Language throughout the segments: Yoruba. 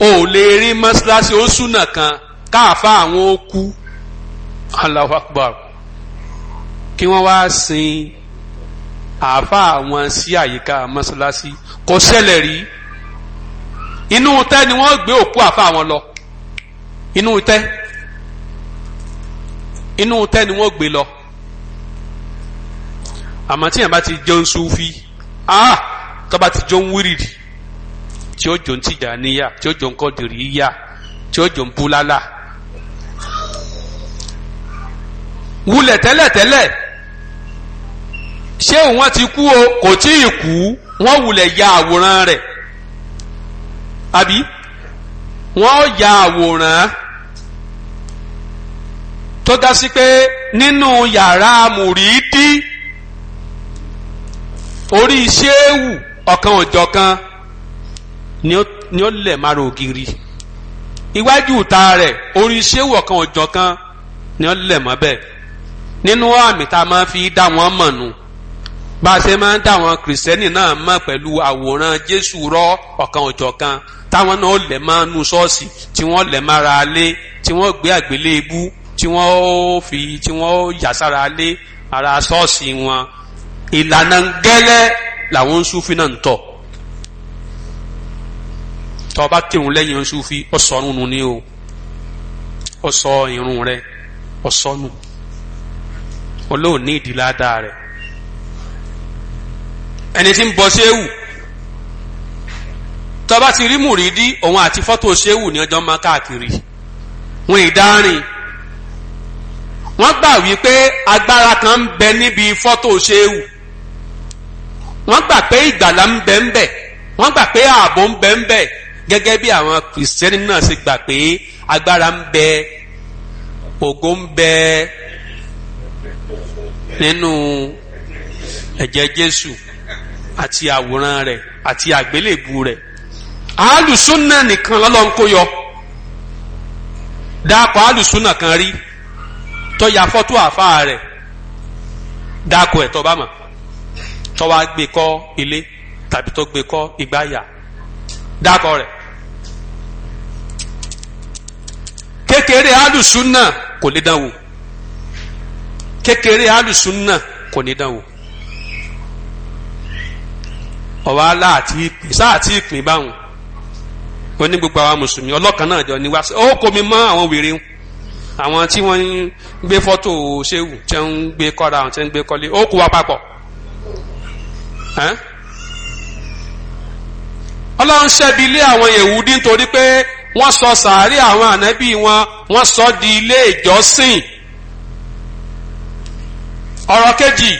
o ò lè rí mọ́ṣáláṣí oṣùnà kan káàfa àwọn okú Allahu Akbar kí wọ́n wá sin àáfà àwọn sí àyíká mọ́ṣáláṣí kò ṣẹlẹ̀ rí inú tẹ́ ni wọ́n gbé òkú àáfà àwọn lọ inú tẹ́ inú tẹ́ ni wọ́n gbé lọ àmọ́ tí bá ti jẹun sufi ah tó ti jẹun wírìdì tí ó jò ń tìjàníyà tí ó jò ń kọ́dìríyà tí ó jò ń búlálà. wulẹ̀ tẹ́lẹ̀tẹ́lẹ̀ ṣé wọ́n ti kú o kò tí ì kú wọ́n wulẹ̀ ya àwòrán rẹ̀ àbí wọ́n ya àwòrán tó dá sí pé nínú yàrá mùrídìí orí ṣéwù ọ̀kan òjọ̀kan ni ó lẹ̀ márùn ògiri iwájú ìta rẹ̀ orí ṣéwù ọ̀kan òjọ̀ kan ni ó lẹ̀ mọ́ bẹ́ẹ̀ nínú àmì tá a máa fi dá wọn mọ̀ nù bá a ṣe máa ń dá àwọn kìrìsìtẹ́nì náà mọ̀ pẹ̀lú àwòrán jésù rọ ọ̀kan òjọ̀ kan táwọn náà lẹ̀ máa nu ṣọ́ọ̀ṣì tí wọ́n lẹ̀ mára alé tí wọ́n gbé àgbélébú tí wọ́n fi tí wọ́n yà sára alé ara ṣọ́ọ̀ṣì wọn ìlànà gẹ́lẹ́ làwọn ń súnfin náà ń tọ̀ tó bá kírun lẹ́yìn Sufi ọ̀sọ́nù nù ní o ọ̀sọ́ irun rẹ ọ̀sọ́nù olóòní ìdíládà rẹ ẹni tí ń bọ séwù tó bá ti rí mùrídí òun àti fọ́tò séwù ní ọjọ́ máa káàkiri wọn ìdárìn wọ́n gbà wípé agbára kan ń bẹ níbi fọ́tò séwù wọ́n gbà pé ìgbàlà ń bẹ ń bẹ wọ́n gbà pé ààbò ń bẹ ń bẹ gẹ́gẹ́ bí àwọn kìrìsìtẹ́nì náà ṣe gbà pé agbára ń bẹ ògo ń bẹ nínú ẹ̀jẹ̀ Jésù àti àwòrán rẹ̀ àti àgbélébù rẹ̀ alùsùnà nìkan lọ́lọ́run kó yọ dáàpọ̀ alùsùnà kan rí tó ya fọ́tò àfáà rẹ̀ dáàpọ̀ ẹ̀ tó bá mọ̀ tó wá ilé tàbí tó gbé ìgbáyà dáàpọ̀ rẹ̀ kékeré alùsùnà kò lè dánwò wò kékeré alùsùnà kò ní dán wò ọ̀wá aláàtí ìpín sáàtí ìpín báwọn oní gbogbo àwọn mùsùlùmí ọlọ́kan náà jọ ní wá sí ó kó mi mọ́ àwọn wèrè àwọn tí wọ́n ń gbé fọ́tò ṣéwù tí wọ́n gbé kọ́ra àwọn tí wọ́n gbé kọ́lé wọ́n sọ sàárì àwọn ànábì wọn wọ́n sọ di ilé ìjọsìn ọ̀rọ̀ kejì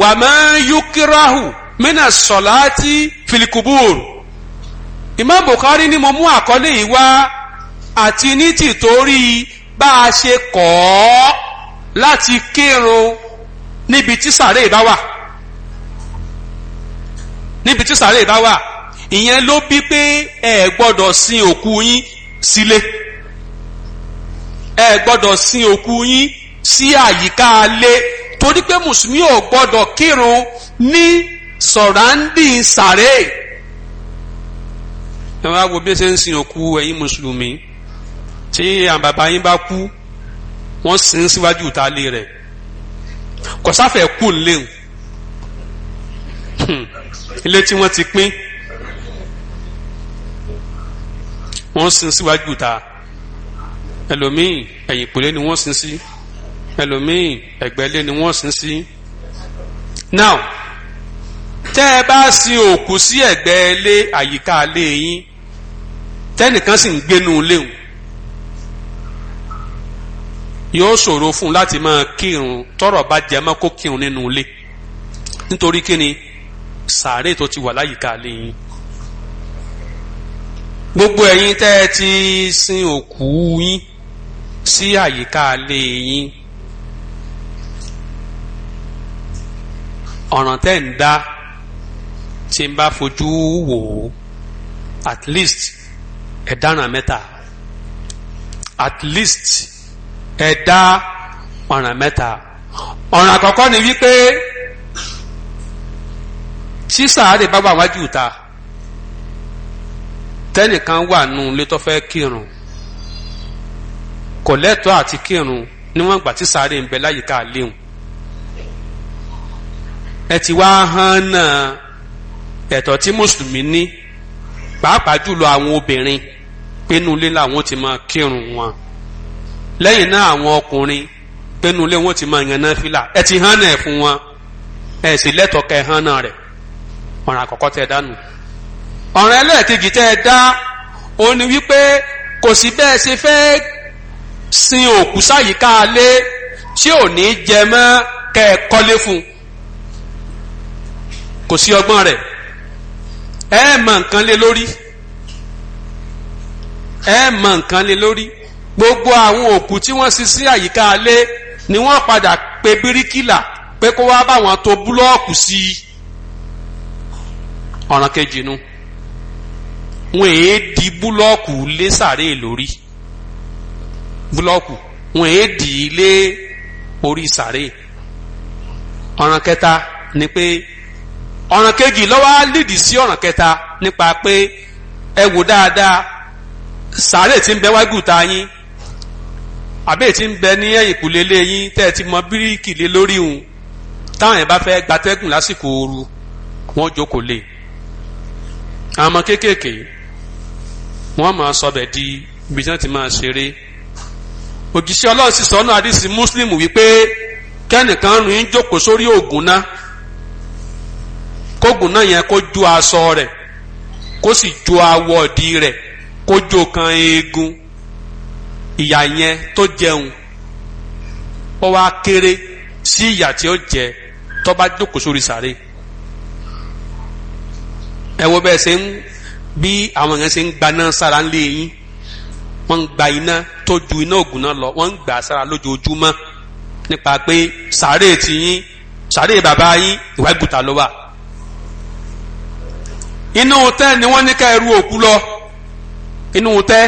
wàmẹ́ yukirahu mina sọ̀láti filikubur Imam Bukhari ni mo mú àkọlé yìí wá àti ní tìtorí bá a ṣe kọ̀ ọ́ láti kírun níbi tí sàárè bá wà níbi tí sàárè bá wà ìyẹn ló bí pé ẹ gbọ́dọ̀ sin òkú yín sílé ẹ gbọ́dọ̀ sin òkú yín sí àyíká ilé torí pé mùsùlùmí ò gbọ́dọ̀ kírun ní sọ̀ráǹdì sàré ẹ wá wo bí ẹ ṣe ń sin òkú ẹ̀yin mùsùlùmí tí àwọn yín bá kú wọ́n sin síwájú ìtàlẹ̀ rẹ̀ kọ̀sáfẹ̀ kù léwu hmm. ilé tí wọ́n ti pín. wọ́n sin síwájú ta ẹlòmíì ẹ̀yìn ìpòlé ni wọ́n sin sí ẹlòmíì ẹ̀gbẹ́lé ni wọ́n sin sí. now tẹ́ ẹ bá sin òkú sí ẹ̀gbẹ́ ilé àyíká ilé yín tẹ́nìkan sì ń gbénu léwu yóò ṣòro fún un láti máa kírun tọ́rọ̀ bá jẹ mọ́ kó kírun nínú ilé nítorí kíni sàárè tó ti wà láyìíká ilé gbogbo ẹ̀yin tẹ́ ẹ ti sin òkú yín sí àyíká ilé yín ọ̀ràn tẹ́ ń dá tí n bá fojú wò ó at least ẹ dáràn mẹ́ta at least ẹ ọ̀ràn mẹ́ta ọ̀ràn àkọ́kọ́ ni wípé tí sàárè bá wà wájú ta. tẹ́nìkan wà nù ilé tó fẹ́ kírun kò lẹ́tọ̀ọ́ àti kírun níwọ̀n gbà tí sáré ń bẹ láyìíká léwu ẹ ti wá hàn náà ẹ̀tọ́ tí mùsùlùmí ní pàápàá jùlọ àwọn obìnrin pinnu ilé làwọn ti máa kírun wọn lẹ́yìn náà àwọn ọkùnrin pinnu ilé wọn ti máa yan nàfílà ẹ ti hàn náà fún wọn ẹ sì lẹ́tọ̀ọ́ kẹ́ hàn náà rẹ̀ ọ̀ràn àkọ́kọ́ tẹ̀ dánù. ọ̀ràn ẹlẹ́ẹ̀kejì tẹ́ ẹ dá ó ní wípé kò sí bẹ́ẹ̀ ṣe fẹ́ sin òkú sáyìíká alé tí ò ní jẹ mọ́ kẹ́ ẹ kọ́lé fún un kò sí ọgbọ́n rẹ̀ ẹ mọ nǹkan lé lórí ẹ mọ nǹkan lé lórí gbogbo àwọn òkú tí wọ́n sin sí àyíká alé ni wọ́n padà pe bíríkìlà pé kó wá bá wọn to búlọ́ọ̀kù sí ọ̀ràn kejì nu. No wọn èé di búlọ́ọ̀kù lé sàré lórí búlọ́ọ̀kù wọn èé di lé orí sàré ọ̀ràn kẹta ni pé ọ̀ràn kejì lọ́wọ́ á lìdí sí ọ̀ràn kẹta nípa pé ẹ wò dáadáa sàré tí ń bẹ wájú ta yín àbẹ́ẹ̀ tí ń bẹ ní ẹ̀yìnkùlé lé yín tẹ́ ẹ ti mọ bíríkì lé lórí òun táwọn yẹn bá fẹ́ gbatẹ́gùn lásìkò ooru wọ́n jókòó lé àwọn kéékèèké wọ́n máa sọ bẹ̀ di ibi tí wọ́n ti máa ṣeré òjíṣẹ́ ọlọ́run sì sọ ọ́nà àdìsí muslim wípé kẹ́nìkan rìn jókòó sórí ògùn náà kógùn náà yẹn kó ju aṣọ rẹ̀ kó sì ju awọ ọ̀dì rẹ̀ kó jó kan eegun ìyà yẹn tó jẹun ó wá kéré sí ìyà tí ó jẹ tó bá jókòó sórí sàré ẹ wo bẹ́ẹ̀ ṣe ń bí àwọn yẹn ṣe ń gbaná sára ń lé yín wọ́n ń gba iná tó ju iná ògùn náà lọ wọ́n ń gbà sára lójoojúmọ́ nípa pé sàárè ti yín sàárè bàbá yín ìwà ìgùtà ló wà. inú tẹ́ ni wọ́n ní ká ẹrú òkú lọ inú tẹ́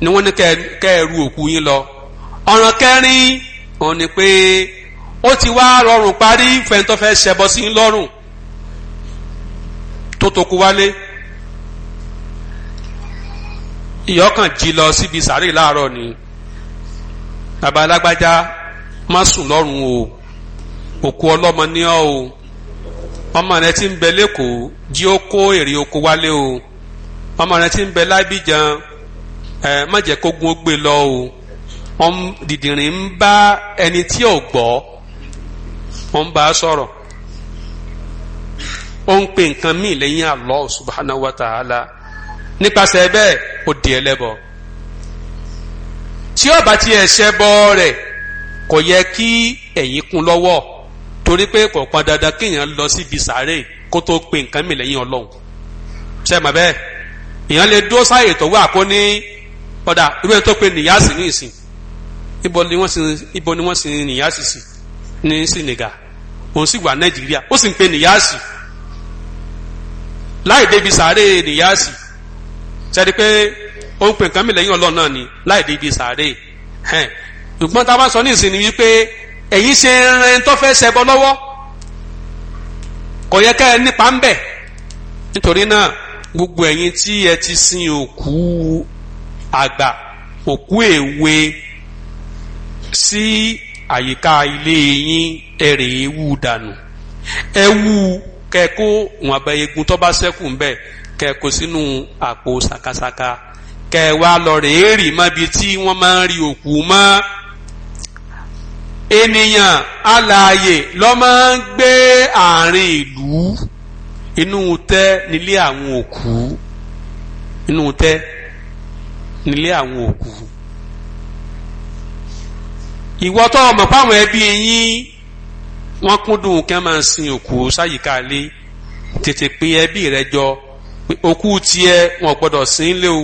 ni wọ́n ní ká ẹrú òkú yín lọ ọ̀ràn kẹrin òun ni pé ó ti wá rọrùn parí fẹ́ntọ́fẹ́ ṣẹbọ sí lọ́rùn tó tó kú wálé. ìyọkàn jí lọ síbi sàárè láàárọ̀ ni bàbá alágbájá má sùn lọ́rùn o òkú ọlọ́mọ ní ọ́ o ọmọ rẹ ti ń bẹ lẹ́kọ̀ọ́ jí ó kó èrè oko wálé o ọmọ rẹ ti ń bẹ lábìjàn ẹ má jẹ́ o dìdìrín ń bá ẹni tí ò nípasẹ̀ bẹ́ẹ̀ kò di ẹlẹ́bọ tí ó bá ti ẹ̀ṣẹ̀ bọ rẹ̀ kò yẹ kí ẹ̀yin kún lọ́wọ́ torí pé kò pọn dandan kéèyàn lọ síbi sàárè kó tó pe nǹkan mi lẹ́yìn ọlọ́run ṣe mọ̀ bẹ́ẹ̀ èèyàn lè dúró sáàyè tó wà kó ní ọ̀dà irú tó pe nìyáàsì ní ìsìn ibo ni wọ́n sin nìyáàsì sí ní Senegal òun sì wà Nàìjíríà ó sì ń pe nìyáàsì láì débi sàárè nìyáàsì sẹ́ni pé ó ń pè nǹkan mi lẹ́yìn ọlọ́run náà ni láì ibi sàárè ṣùgbọ́n tá a bá sọ ní ìsìn ni wípé èyí ṣe ẹran tó nípa ń bẹ̀ nítorí náà gbogbo ẹ̀yin tí ẹ ti sin òkú àgbà òkú èwe sí àyíká ilé yín ewu dànù ẹ wú kẹ kẹ́ kó sínú àpò sakasaka kẹ́ wá lọ rèé rì mọ́bi tí wọ́n máa ń rí òkú mọ́ ènìyàn alààyè lọ máa ń gbé àárín ìlú inú tẹ́ nílé àwọn òkú inú tẹ́ nílé àwọn òkú ìwọ tó ọmọ fáwọn ẹbí yín kúndùn máa sin rẹ jọ pé òkú tiẹ̀ wọn gbọ́dọ̀ sí lé o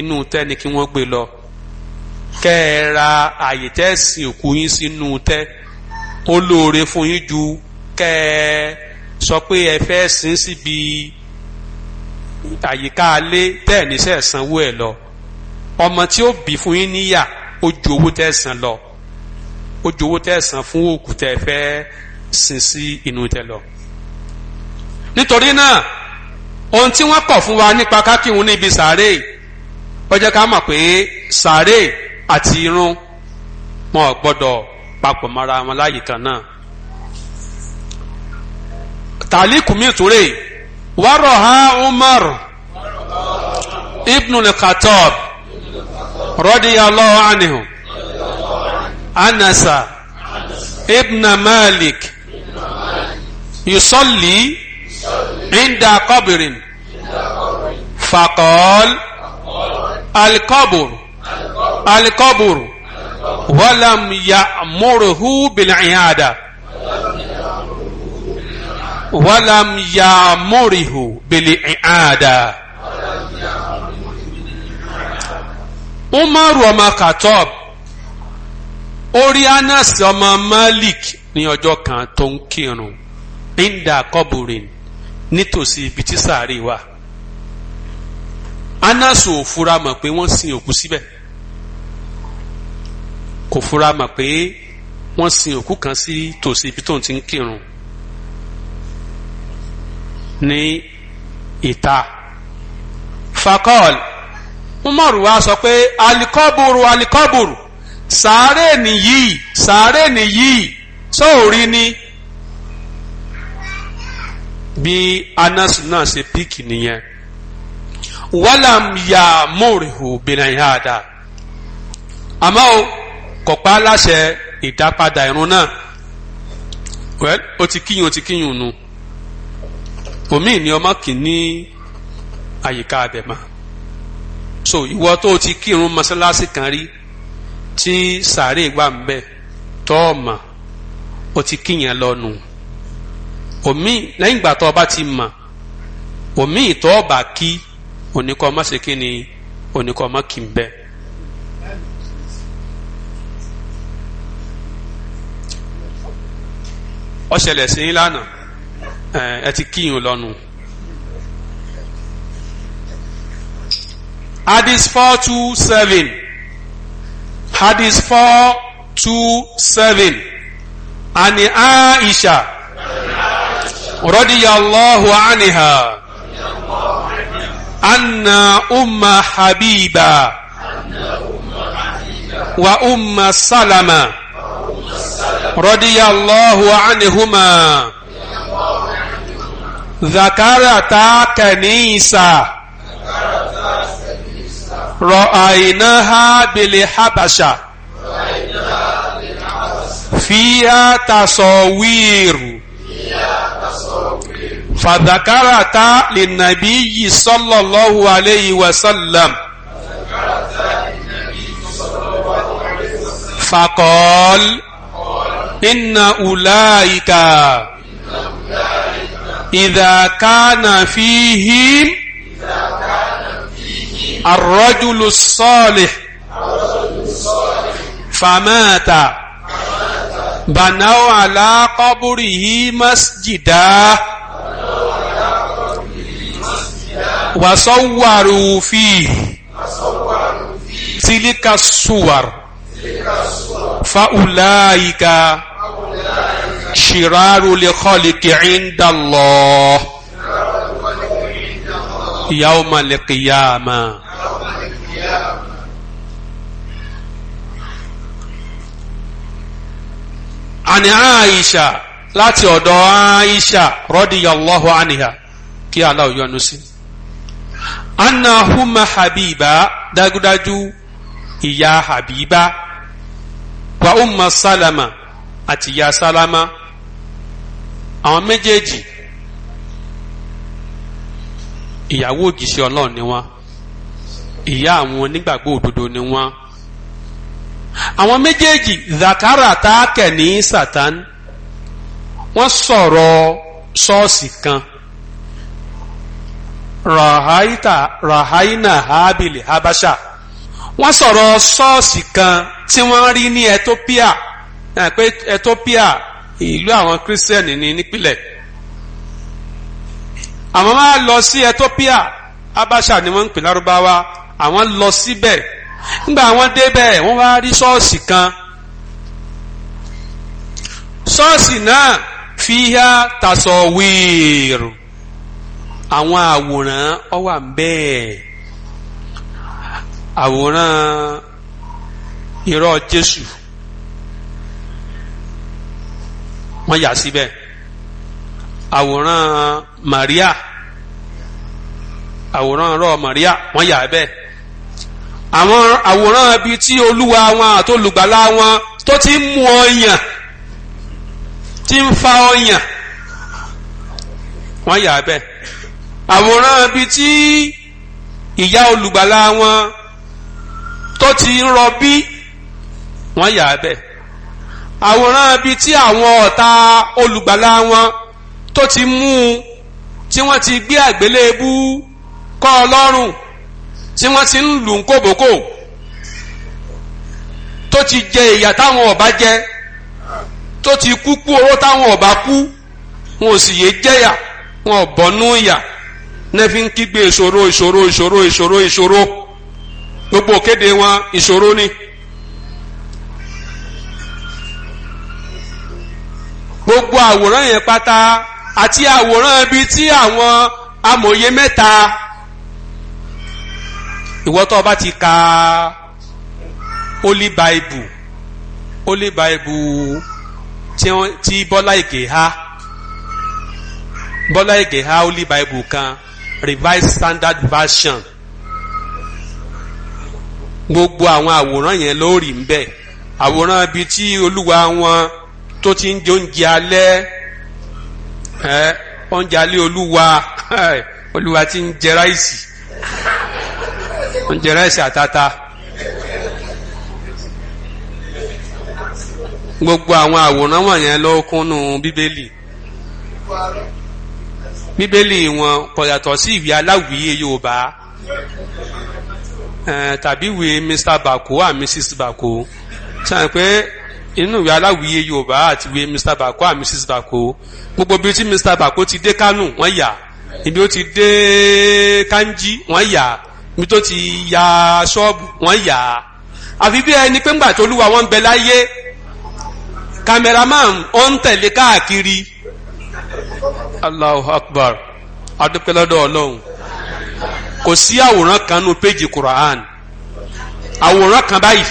inú tẹ́ ni kí wọ́n gbé lọ kẹ́ ẹ ra àyè tẹ́ sin òkú yín sínú tẹ́ ó lóore fún yín ju kẹ́ ẹ sọ pé ẹ fẹ́ sin síbi àyíká alé tẹ́ ẹ̀ níṣẹ́ sanwó ẹ̀ lọ ọmọ tí ó bí fún yín níyà ó ju owó tẹ́ san lọ ó ju owó tẹ́ san fún òkú tẹ́ fẹ́ sin sí inú tẹ́ lọ nítorí náà. ohun tí wọ́n kọ̀ fún wa nípa kákíhun níbi sàárè ọjọ́ jẹ́ ká mọ̀ pé sàárè àti irun wọn ò gbọ́dọ̀ papọ̀ mọ́ra wọn láyè kan náà. tàlíkù mi ìtúrè wàrọ̀ ha Umar ibn al-Khattab radiyallahu anhu anasa ibn Malik yusalli inda qabrin. فقال القبر القبر ولم يأمره بالعيادة ولم يأمره بالعيادة Umar ọmọ Katob orí Anas ọmọ Malik ní ọjọ́ kan tó ń kírun inda kọbùrin nítòsí ibi tí sàárè wà. Anas ò fura mọ̀ pé wọ́n sin òkú síbẹ̀ kò fura mọ̀ pé wọ́n sin òkú kan sí tòsí ibi tóun ti ń kírun ní ìta fakọ́ọ̀lì Umaru wa sọ pé alikọ́buru alikọ́buru sàárè nìyí sàárè nìyí sóòrí ni bí Anas náà ṣe píkì nìyẹn. walam ya múrihù bìnàyàdà àmọ́ o kò pa á ìdápadà irun náà well o ti kíyàn o ti kíyàn nu omi ni ọmọ kì í ní àyíká abẹ́mà so ìwọ tó o ti kírun mọ́sálásí kan rí tí sàárè gbà ń bẹ tọ́ọ̀mà o ti kíyàn lọ́nu omi lẹ́yìn ìgbà tó o bá ti mọ̀ omi ìtọ́ ọ̀bà kí. oníkọ́ má ṣe kí ni oníkọ́ má kì í bẹ́. ó ṣẹlẹ̀ sí lánàá four two seven hadis four two seven ani aisha radiyallahu anha. أن أم حبيبة وأم سلمة رضي الله عنهما ذكرتا كنيسة رأيناها بالحبشة فيها تصوير fàdàkàràtà lè nàbí yìí sallallahu alayhi wa sallam. فقال إن أولئك إذا كان فيهم الرجل الصالح فمات بنوا على قبره مسجداً وصوروا فيه تلك الصور فأولئك شرار لخلق عند الله يوم القيامة عن عائشة láti ọ̀dọ̀ Aisha radiyallahu anha kí Allah yọ́nú sí i anna huma habiba dagudaju ìyá habiba wa umma salama àti ìyá salama àwọn méjèèjì ìyàwó òjìṣẹ́ ọlọ́run ni wọ́n ìyá àwọn onígbàgbọ́ òdodo ni wọ́n àwọn méjèèjì zakara táàkẹ́ ní satan wọ́n sọ̀rọ̀ ṣọ́ọ̀ṣì kan. rahaina habil habasha wọn sọrọ sọọsì kan tí wọ́n rí ní Ethiopia pé Ethiopia ìlú àwọn kírísítẹ́nì ní nípìnlẹ̀ àwọn máa lọ sí Ethiopia habasha ni wọ́n ń pè lárúbáwá àwọn lọ síbẹ̀ nígbà wọ́n débẹ̀ wọ́n wá rí kan ṣọ́ọ̀ṣì náà fi há tasọ̀wìrù àwọn àwòrán ó wà bẹ́ẹ̀ àwòrán irọ́ Jésù wọ́n yà síbẹ̀ àwòrán Màríà àwòrán irọ́ Màríà wọ́n yà bẹ́ẹ̀ àwọn àwòrán ibi tí olúwa wọn àtolùgbàlà wọn tó ti ń mú ọyàn tí ń fa ọyàn wọ́n yà bẹ́ẹ̀ àwòrán ibi tí ìyá olùgbàlà wọn tó ti ń rọbí wọ́n yà á bẹ̀ àwòrán ibi tí àwọn ọ̀tá olùgbàlà wọn tó ti mú un tí wọ́n ti gbé àgbélébú kọ́ ọ lọ́rùn tí wọ́n ti ń lù ń kòbókò tó ti jẹ ìyà táwọn ọba jẹ tó ti kú kú owó táwọn ọba kú wọn ò sì yé jẹyà wọn ò bọnú ìyà náà fi ń kígbe ìṣòro ìṣòro ìṣòro ìṣòro ìṣòro gbogbo kéde wọn ìṣòro ni. gbogbo àwòrán yẹn pátá àti àwòrán ibi tí àwọn amòye mẹ́ta ìwọ bá ti ka holy bible holy bible tí bọ́lá ìgè ha bọ́lá ìgè ha holy bible kan revised standard version gbogbo àwọn àwòrán yẹn ló rí ń bẹ àwòrán ibi tí olúwa wọn tó ti ń jẹ oúnjẹ alẹ́ ẹ oúnjẹ alẹ́ olúwa olúwa ti ń jẹ ráìsì ń jẹ ráìsì àtàtà gbogbo àwọn àwòrán wọ̀nyẹn ló kúnnú bíbélì bíbélì wọn kò yàtọ̀ sí ìwé aláwìyé yorùbá tàbí ìwé mr bako and mrs bako sàn pé inú ìwé aláwìyé yorùbá àti ìwé mr bako and mrs bako gbogbo ibi tí mr bako ti dé kánò wọ́n yà ibi ó ti dé kanji wọ́n yà ibi tó ti ya ṣọ́ọ̀bù wọ́n yà á àfi bí ẹni pé ńgbà tó lúwa wọn bẹ láyé kameraman ó ń tẹ̀lé káàkiri Allahu Akbar adúpẹ́lọ́dọ̀ ọlọ́run kò sí àwòrán kan nínú péjì Quran àwòrán kan báyìí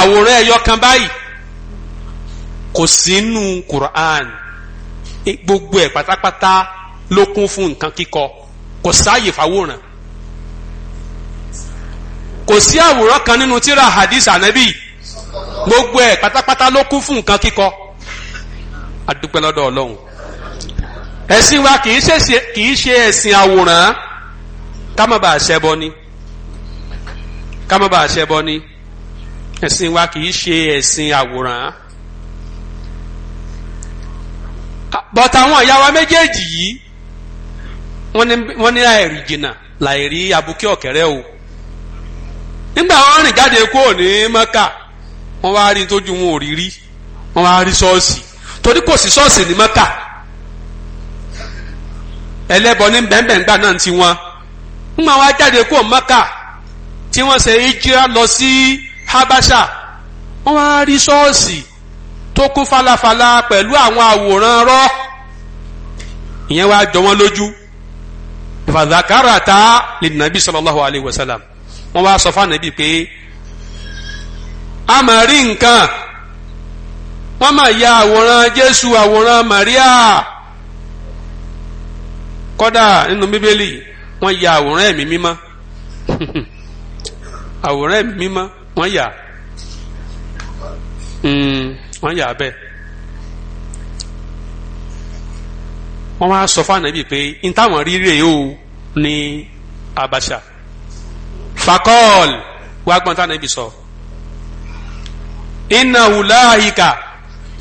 àwòrán ẹyọ kan báyìí kò sínú Quran e, gbogbo ẹ̀ pátápátá ló kún fún nǹkan kíkọ kò sáàyè fáwòrán kò sí àwòrán kan nínú tírà hadith anabi gbogbo ẹ̀ pátápátá ló kún fún nǹkan kíkọ. adúpẹ́ lọ́dọ̀ ọlọ́run ẹ̀sìn wa kì í ṣe ẹ̀sìn àwòrán ká má bàa ni ká má ni ẹ̀sìn wa kì í ṣe ẹ̀sìn àwòrán bọ́tà àwọn ìyá méjèèjì yìí wọ́n ní àìrí jìnnà láìrí abúkẹ́ ọ̀kẹ́rẹ́ o nígbà wọn rìn jáde kúrò ní mọ́kà wọ́n wá rí tójú wọn ò rí rí wọ́n wá rí sọ́ọ̀sì. torí kò sí ṣọ́ọ̀ṣì ní mẹ́kà ẹlẹ́bọ ní bẹ́ẹ̀nbẹ́ẹ̀ngbà náà ti wọn ń máa wá jáde kó mẹ́kà tí wọ́n ṣe ìjírá lọ sí habasha wọ́n wá rí ṣọ́ọ̀ṣì tó kún falafala pẹ̀lú àwọn àwòrán rọ́ ìyẹn wá jọ wọ́n lójú fàdákàrà tá lè nàbí sallallahu alayhi wa sallam wọ́n wá sọ fún ànàbí pé a máa rí nǹkan wọ́n máa ya àwòrán Jésù àwòrán Maria. kọ́dà nínú Bíbélì wọ́n ya àwòrán ẹ̀mí mímọ́ àwòrán ẹ̀mí mímọ́ wọ́n yà hmm, wọ́n yà bẹ́ẹ̀ wọ́n wá sọ fún ànábì pé n táwọn rírè o ní Abacha fakọ́ọ̀lù wàá gbọ́n táwọn ànábì sọ. So inna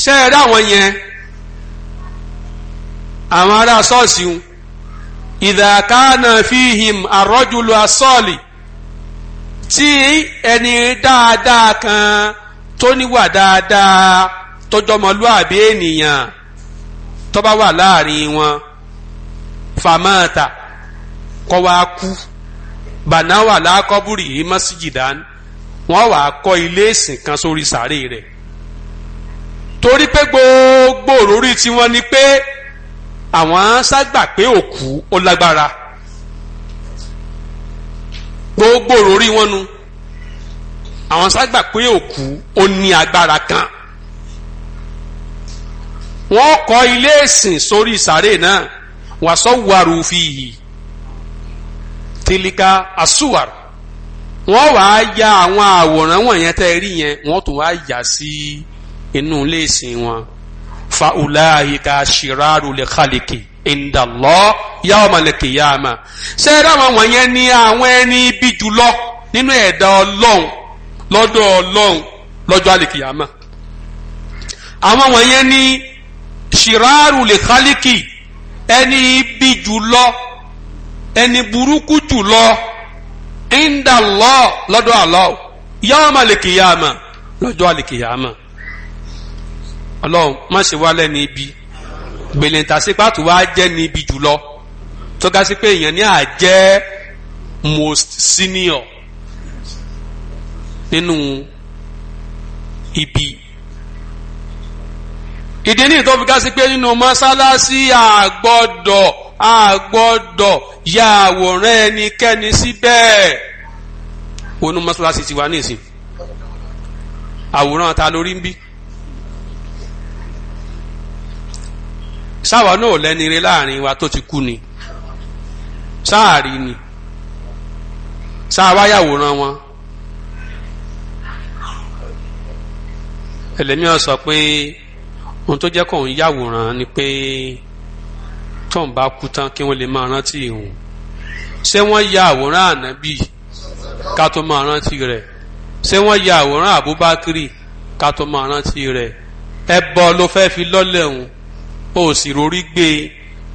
ṣé ẹ rí àwọn yẹn àwọn ará na fi him fíhìm àrọ́jùlọ asọ́ọ̀lì tí ẹni dáadáa kan tó níwà dáadáa tọjọmọlúàbí ènìyàn tó bá wà láàrin wọn fàmọ́ọ̀tà ko wa kú bàná wà lákọ́bùrì yìí mọ́síjìdán wọ́n wàá kọ́ ilé ìsìn kan sórí sàárè rẹ̀ torí pé gbogbo òrórí tiwọn ni pé àwọn ságbà pé òkú ó lágbára gbogbo òrórí wọn nu àwọn ságbà pé òkú ó ní agbára kan wọ́n kọ́ ilé ìsìn sórí sàárè náà wàsọ wàrú fi yìí tilika asuwar wọ́n wàá ya àwọn àwòrán wọ̀nyẹn tẹ́ rí yẹn wọ́n tún wàá yà sí. Si inú ilé ìsìn wọn fa ulaika shiraru li khaliki indallah yawmal qiyamah ṣé ẹ dáwọn wọ̀nyẹn ní àwọn ẹni bí jùlọ nínú ẹ̀dá ọlọ́run lọ́dọ̀ ọlọ́run lọ́jọ́ àlìkìyàmà àwọn wọ̀nyẹn ní shiraru li khaliki ẹni bí jùlọ ẹni burúkú jùlọ inda Allah lọ́dọ̀ Allah yawma likiyama lọ́jọ́ alikiyama ọlọ́run má ṣe wá lẹ́ni ibi gbèlèntàsípàtù wá jẹ́ ní ibi jùlọ tó ga sí pé èèyàn ní àjẹ́ most senior nínú ibi ìdí ní ìtọ́ fi ká sí pé nínú mọ́sálásí àgbọ́dọ̀ àgbọ́dọ̀ ya àwòrán ẹnikẹ́ni síbẹ̀ wọnú mọ́sálásí ti wá nísìn àwòrán ta lórí ń bí sáwa náà lẹ́ni re láàrin wa tó ti kú ni sáàrí ni sáwa yàwòrán wọn. ẹlẹ́mìíràn sọ pé ohun tó jẹ́ kóun yàwòrán ni pé tóun bá kú tán kí wọ́n lè máa rántí ìhùn ṣé wọ́n ya àwòrán ànábì ká tó máa rántí rẹ̀ ṣé wọ́n ya àwòrán àbúbákírì ká tó máa rántí rẹ̀ ẹbọ ló fẹ́ fi lọ́lẹ̀ òun o sì rorí gbé e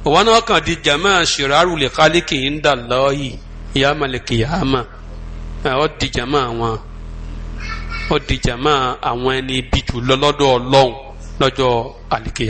òwò náà kàn di jama ṣìràrù lè kálíkì ń dà lọ́ọ̀yì ìyá màlìkì yàámà ọ di jama àwọn ọ di jama àwọn ẹni ibi jù ọlọ́run lọ́jọ́ àlìkì